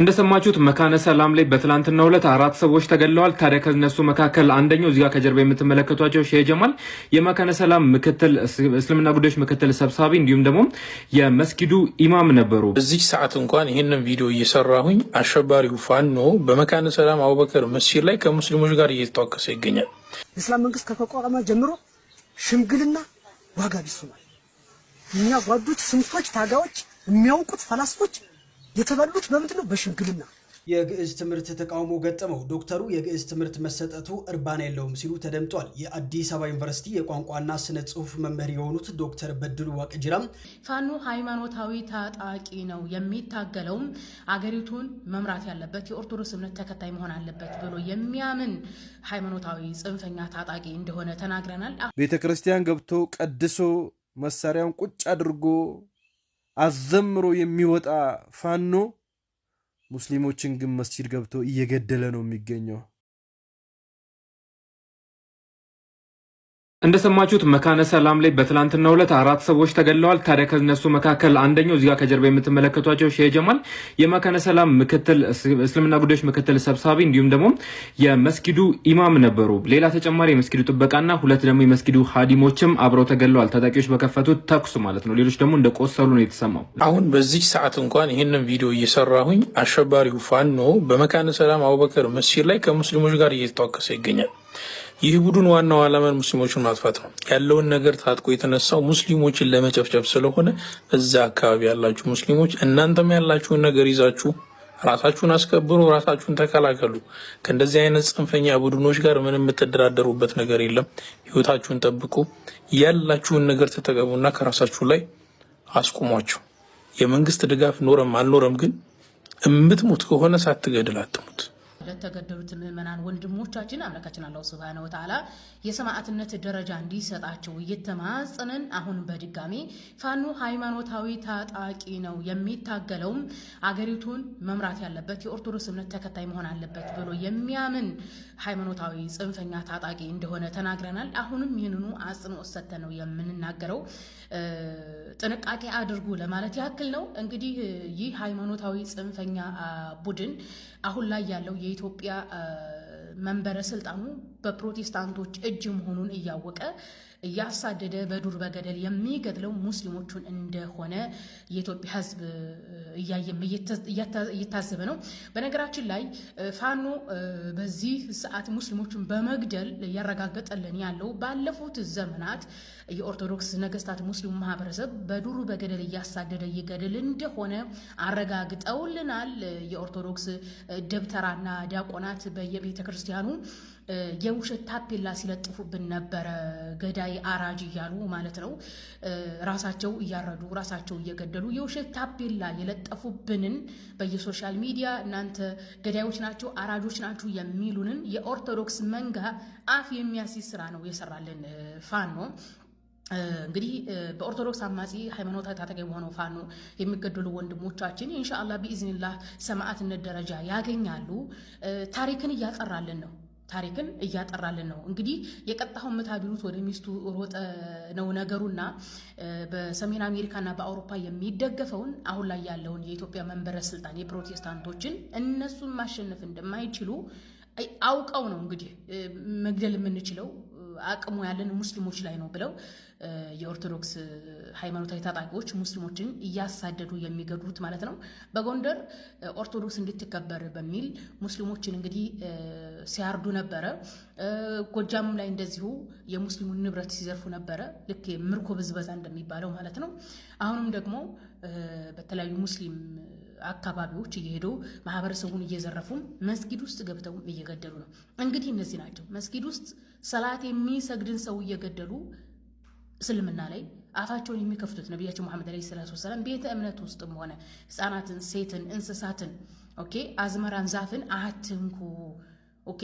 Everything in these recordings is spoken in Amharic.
እንደሰማችሁት መካነ ሰላም ላይ በትላንትና ሁለት አራት ሰዎች ተገለዋል። ታዲያ ከነሱ መካከል አንደኛው እዚጋ ከጀርባ የምትመለከቷቸው ሼህ ጀማል የመካነ ሰላም ምክትል እስልምና ጉዳዮች ምክትል ሰብሳቢ እንዲሁም ደግሞ የመስጊዱ ኢማም ነበሩ። እዚህ ሰዓት እንኳን ይህንን ቪዲዮ እየሰራሁኝ አሸባሪው ፋኖ በመካነ ሰላም አቡበከር መስጂድ ላይ ከሙስሊሞች ጋር እየተተዋከሰ ይገኛል። የእስላም መንግስት ከተቋቋመ ጀምሮ ሽምግልና ዋጋ ቢስ እኛ ጓዶች፣ ስንቶች፣ ታጋዎች የሚያውቁት ፈላስፎች የተበሉት በምንድን ነው? በሽምግልና የግዕዝ ትምህርት ተቃውሞ ገጠመው። ዶክተሩ የግዕዝ ትምህርት መሰጠቱ እርባና የለውም ሲሉ ተደምጧል። የአዲስ አበባ ዩኒቨርሲቲ የቋንቋና ስነ ጽሁፍ መምህር የሆኑት ዶክተር በድሉ ዋቅጅራም ፋኖ ሃይማኖታዊ ታጣቂ ነው፣ የሚታገለውም አገሪቱን መምራት ያለበት የኦርቶዶክስ እምነት ተከታይ መሆን አለበት ብሎ የሚያምን ሃይማኖታዊ ጽንፈኛ ታጣቂ እንደሆነ ተናግረናል። ቤተ ክርስቲያን ገብቶ ቀድሶ መሳሪያውን ቁጭ አድርጎ አዘምሮ የሚወጣ ፋኖ ሙስሊሞችን ግን መስጂድ ገብቶ እየገደለ ነው የሚገኘው። እንደሰማችሁት መካነ ሰላም ላይ በትላንትናው ዕለት አራት ሰዎች ተገለዋል። ታዲያ ከነሱ መካከል አንደኛው እዚጋ ከጀርባ የምትመለከቷቸው ሼህ ጀማል የመካነ ሰላም ምክትል እስልምና ጉዳዮች ምክትል ሰብሳቢ እንዲሁም ደግሞ የመስጊዱ ኢማም ነበሩ። ሌላ ተጨማሪ የመስጊዱ ጥበቃና ሁለት ደግሞ የመስጊዱ ሀዲሞችም አብረው ተገለዋል ታጣቂዎች በከፈቱት ተኩስ ማለት ነው። ሌሎች ደግሞ እንደቆሰሉ ነው የተሰማው። አሁን በዚህ ሰዓት እንኳን ይህንን ቪዲዮ እየሰራሁኝ አሸባሪው ፋኖ በመካነ ሰላም አቡበከር መስጂድ ላይ ከሙስሊሞች ጋር እየተታከሰ ይገኛል። ይህ ቡድን ዋናው ዓላማን ሙስሊሞችን ማጥፋት ነው። ያለውን ነገር ታጥቆ የተነሳው ሙስሊሞችን ለመጨፍጨፍ ስለሆነ እዛ አካባቢ ያላችሁ ሙስሊሞች እናንተም ያላችሁን ነገር ይዛችሁ ራሳችሁን አስከብሩ፣ ራሳችሁን ተከላከሉ። ከእንደዚህ አይነት ጽንፈኛ ቡድኖች ጋር ምንም የምትደራደሩበት ነገር የለም። ህይወታችሁን ጠብቁ፣ ያላችሁን ነገር ተጠቀሙና ከራሳችሁ ላይ አስቁሟቸው። የመንግስት ድጋፍ ኖረም አልኖረም ግን እምትሙት ከሆነ ሳትገድል አትሙት። ለተገደሉት ምዕመናን ወንድሞቻችን አምላካችን አላሁ ስብሃነሁ ወተዓላ የሰማዕትነት ደረጃ እንዲሰጣቸው እየተማጸንን አሁን በድጋሚ ፋኖ ሃይማኖታዊ ታጣቂ ነው የሚታገለውም አገሪቱን መምራት ያለበት የኦርቶዶክስ እምነት ተከታይ መሆን አለበት ብሎ የሚያምን ሃይማኖታዊ ጽንፈኛ ታጣቂ እንደሆነ ተናግረናል። አሁንም ይህንኑ አጽንኦት ሰጥተን ነው የምንናገረው። ጥንቃቄ አድርጉ ለማለት ያክል ነው። እንግዲህ ይህ ሃይማኖታዊ ጽንፈኛ ቡድን አሁን ላይ ያለው የኢትዮጵያ መንበረ ስልጣኑ በፕሮቴስታንቶች እጅ መሆኑን እያወቀ እያሳደደ በዱር በገደል የሚገድለው ሙስሊሞቹን እንደሆነ የኢትዮጵያ ሕዝብ እያየም እየታዘበ ነው። በነገራችን ላይ ፋኖ በዚህ ሰዓት ሙስሊሞቹን በመግደል እያረጋገጠልን ያለው ባለፉት ዘመናት የኦርቶዶክስ ነገስታት ሙስሊሙ ማህበረሰብ በዱር በገደል እያሳደደ ይገድል እንደሆነ አረጋግጠውልናል። የኦርቶዶክስ ደብተራና ዲያቆናት በየቤተ ክርስቲያኑ የውሸት ታፔላ ሲለጥፉብን ነበረ፣ ገዳይ አራጅ እያሉ ማለት ነው። ራሳቸው እያረዱ ራሳቸው እየገደሉ የውሸት ታፔላ የለጠፉብንን በየሶሻል ሚዲያ እናንተ ገዳዮች ናቸው፣ አራጆች ናችሁ የሚሉንን የኦርቶዶክስ መንጋ አፍ የሚያስይዝ ስራ ነው የሰራልን ፋኖ። እንግዲህ በኦርቶዶክስ አማጺ ሃይማኖት ታጣቂ በሆነው ፋኖ የሚገደሉ ወንድሞቻችን ኢንሻአላህ ቢኢዝኒላህ ሰማዕትነት ደረጃ ያገኛሉ። ታሪክን እያጠራልን ነው። ታሪክን እያጠራልን ነው። እንግዲህ የቀጣሁን ምታ ቢሉት ወደ ሚስቱ ሮጠ ነው ነገሩና በሰሜን አሜሪካና በአውሮፓ የሚደገፈውን አሁን ላይ ያለውን የኢትዮጵያ መንበረ ስልጣን የፕሮቴስታንቶችን እነሱን ማሸነፍ እንደማይችሉ አውቀው ነው እንግዲህ መግደል የምንችለው አቅሙ ያለን ሙስሊሞች ላይ ነው ብለው የኦርቶዶክስ ሃይማኖታዊ ታጣቂዎች ሙስሊሞችን እያሳደዱ የሚገድሉት ማለት ነው። በጎንደር ኦርቶዶክስ እንድትከበር በሚል ሙስሊሞችን እንግዲህ ሲያርዱ ነበረ። ጎጃም ላይ እንደዚሁ የሙስሊሙን ንብረት ሲዘርፉ ነበረ። ልክ ምርኮ ብዝበዛ እንደሚባለው ማለት ነው። አሁንም ደግሞ በተለያዩ ሙስሊም አካባቢዎች እየሄዱ ማህበረሰቡን እየዘረፉም መስጊድ ውስጥ ገብተው እየገደሉ ነው። እንግዲህ እነዚህ ናቸው መስጊድ ውስጥ ሰላት የሚሰግድን ሰው እየገደሉ እስልምና ላይ አፋቸውን የሚከፍቱት ነቢያቸው መሐመድ ዓለይሂ ሰላቱ ወሰላም ቤተ እምነት ውስጥም ሆነ ህፃናትን፣ ሴትን፣ እንስሳትን፣ ኦኬ አዝመራን፣ ዛፍን አትንኩ። ኦኬ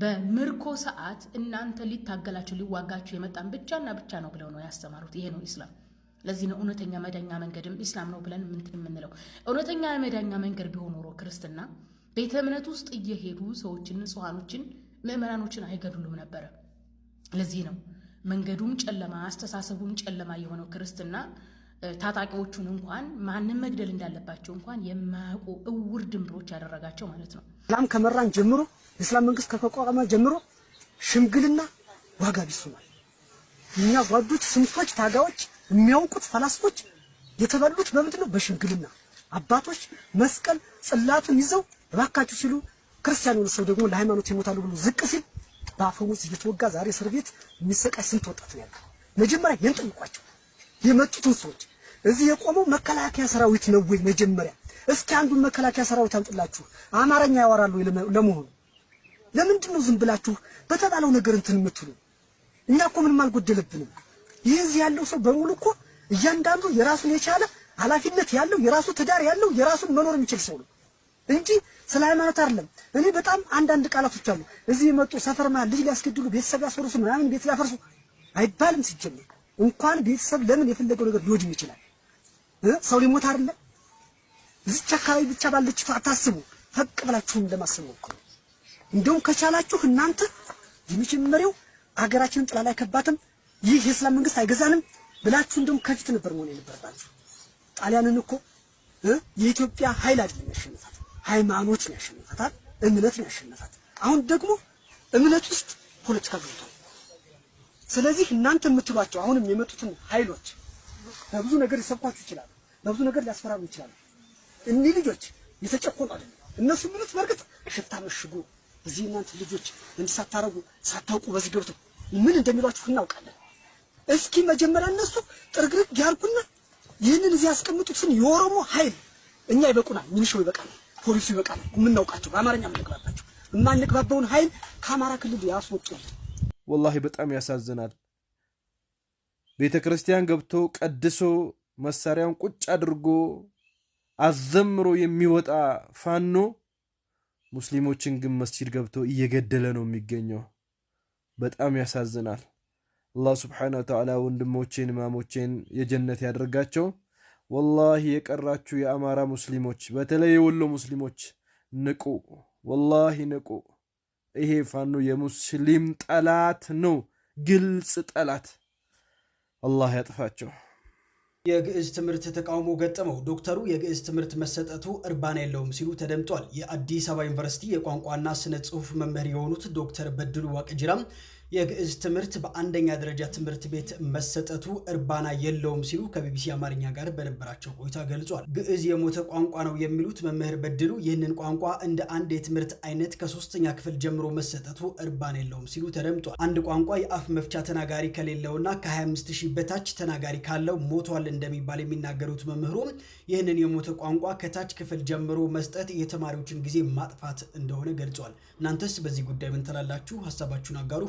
በምርኮ ሰዓት እናንተ ሊታገላቸው ሊዋጋቸው የመጣን ብቻና ብቻ ነው ብለው ነው ያስተማሩት። ይሄ ነው ኢስላም። ለዚህ ነው እውነተኛ መዳኛ መንገድም ኢስላም ነው ብለን ምንትን የምንለው። እውነተኛ መዳኛ መንገድ ቢሆን ኖሮ ክርስትና ቤተ እምነት ውስጥ እየሄዱ ሰዎችን፣ ንጹሐኖችን፣ ምዕመናኖችን አይገድሉም ነበረ። ለዚህ ነው መንገዱም ጨለማ፣ አስተሳሰቡም ጨለማ የሆነው ክርስትና ታጣቂዎቹን እንኳን ማንም መግደል እንዳለባቸው እንኳን የማያውቁ እውር ድንብሮች ያደረጋቸው ማለት ነው። ሰላም ከመራን ጀምሮ እስላም መንግስት ከተቋቋመ ጀምሮ ሽምግልና ዋጋ ቢስ ሆኗል። እኛ ጓዶች፣ ስንቶች፣ ታጋዎች የሚያውቁት ፈላስፎች የተበሉት በምንድን ነው? በሽምግልና አባቶች መስቀል ጽላቱን ይዘው እባካችሁ ሲሉ ክርስቲያን የሆነ ሰው ደግሞ ለሃይማኖት ይሞታሉ ብሎ ዝቅ ሲል በአፈሙዝ እየተወጋ ዛሬ እስር ቤት የሚሰቃይ ስንት ወጣት ነው መጀመሪያ ይህን ጠይቋቸው የመጡትን ሰዎች። እዚህ የቆመው መከላከያ ሰራዊት ነው ወይ? መጀመሪያ እስኪ አንዱን መከላከያ ሰራዊት አንጥላችሁ አማርኛ ያወራሉ ወይ? ለመሆኑ ለምንድን ነው ዝም ብላችሁ በተባለው ነገር እንትን የምትሉ? እኛ እኮ ምንም አልጎደለብንም። ይህ እዚህ ያለው ሰው በሙሉ እኮ እያንዳንዱ የራሱን የቻለ ኃላፊነት ያለው የራሱ ትዳር ያለው የራሱን መኖር የሚችል ሰው ነው እንጂ ስለ ሃይማኖት አይደለም። እኔ በጣም አንዳንድ ቃላቶች አሉ እዚህ የመጡ ሰፈር መሀል ልጅ ሊያስገድሉ ቤተሰብ ያስፈርሱ ምናምን ቤት ሊያፈርሱ አይባልም። ሲጀምር እንኳን ቤተሰብ ለምን የፈለገው ነገር ሊወድም ይችላል። ሰው ሊሞት አይደለ? እዚች አካባቢ ብቻ ባለችው አታስቡ፣ ፈቅ ብላችሁ እንደማስቡ እኮ እንደውም ከቻላችሁ እናንተ የመጀመሪያው አገራችንን ጥላ አይከባትም? ይህ የእስላም መንግስት አይገዛንም ብላችሁ እንደውም ከፊት ነበር መሆን የነበረባችሁ። ጣሊያንን እኮ የኢትዮጵያ ኃይል አይደለም ያሸነፋት፣ ሃይማኖት ነው ያሸነፋታል፣ እምነት ነው ያሸነፋት። አሁን ደግሞ እምነት ውስጥ ፖለቲካ ገብቷል። ስለዚህ እናንተ የምትሏቸው አሁንም የመጡትን ኃይሎች በብዙ ነገር ሊሰብኳችሁ ይችላሉ፣ በብዙ ነገር ሊያስፈራሩ ይችላሉ። እኒህ ልጆች የተጨቆኑ አይደለም እነሱ ምኑት በርግጥ ሽታ መሽጉ እዚህ እናንተ ልጆች እንድሳታረጉ ሳታውቁ በዚህ ገብቶ ምን እንደሚሏችሁ እናውቃለን። እስኪ መጀመሪያ እነሱ ጥርግርግ ያርጉና ይህንን እዚህ ያስቀምጡትን የኦሮሞ ኃይል እኛ ይበቁናል፣ ሚሊሻው ይበቃ ፖሊሱ ይበቃ የምናውቃቸው በአማርኛ የምንግባባቸው የማንግባባውን ኃይል ከአማራ ክልል ያስወጡልን። ወላሂ በጣም ያሳዝናል። ቤተ ክርስቲያን ገብቶ ቀድሶ መሳሪያውን ቁጭ አድርጎ አዘምሮ የሚወጣ ፋኖ ሙስሊሞችን ግን መስጂድ ገብቶ እየገደለ ነው የሚገኘው። በጣም ያሳዝናል። አላህ ስብሓነ ወተዓላ ወንድሞቼን ኢማሞቼን የጀነት ያደርጋቸው። ወላሂ የቀራችሁ የአማራ ሙስሊሞች፣ በተለይ የወሎ ሙስሊሞች ንቁ፣ ወላሂ ንቁ። ይሄ ፋኖ የሙስሊም ጠላት ነው፣ ግልጽ ጠላት። አላህ ያጥፋቸው። የግዕዝ ትምህርት ተቃውሞ ገጠመው። ዶክተሩ የግዕዝ ትምህርት መሰጠቱ እርባና የለውም ሲሉ ተደምጧል። የአዲስ አበባ ዩኒቨርሲቲ የቋንቋና ስነ ጽሁፍ መምህር የሆኑት ዶክተር በድሉ ዋቅጅራም የግዕዝ ትምህርት በአንደኛ ደረጃ ትምህርት ቤት መሰጠቱ እርባና የለውም ሲሉ ከቢቢሲ አማርኛ ጋር በነበራቸው ቆይታ ገልጿል። ግዕዝ የሞተ ቋንቋ ነው የሚሉት መምህር በድሉ ይህንን ቋንቋ እንደ አንድ የትምህርት አይነት ከሶስተኛ ክፍል ጀምሮ መሰጠቱ እርባና የለውም ሲሉ ተደምጧል። አንድ ቋንቋ የአፍ መፍቻ ተናጋሪ ከሌለውና ከ25 ሺህ በታች ተናጋሪ ካለው ሞቷል እንደሚባል የሚናገሩት መምህሩ ይህንን የሞተ ቋንቋ ከታች ክፍል ጀምሮ መስጠት የተማሪዎችን ጊዜ ማጥፋት እንደሆነ ገልጿል። እናንተስ በዚህ ጉዳይ ምን ትላላችሁ? ሀሳባችሁን አጋሩ።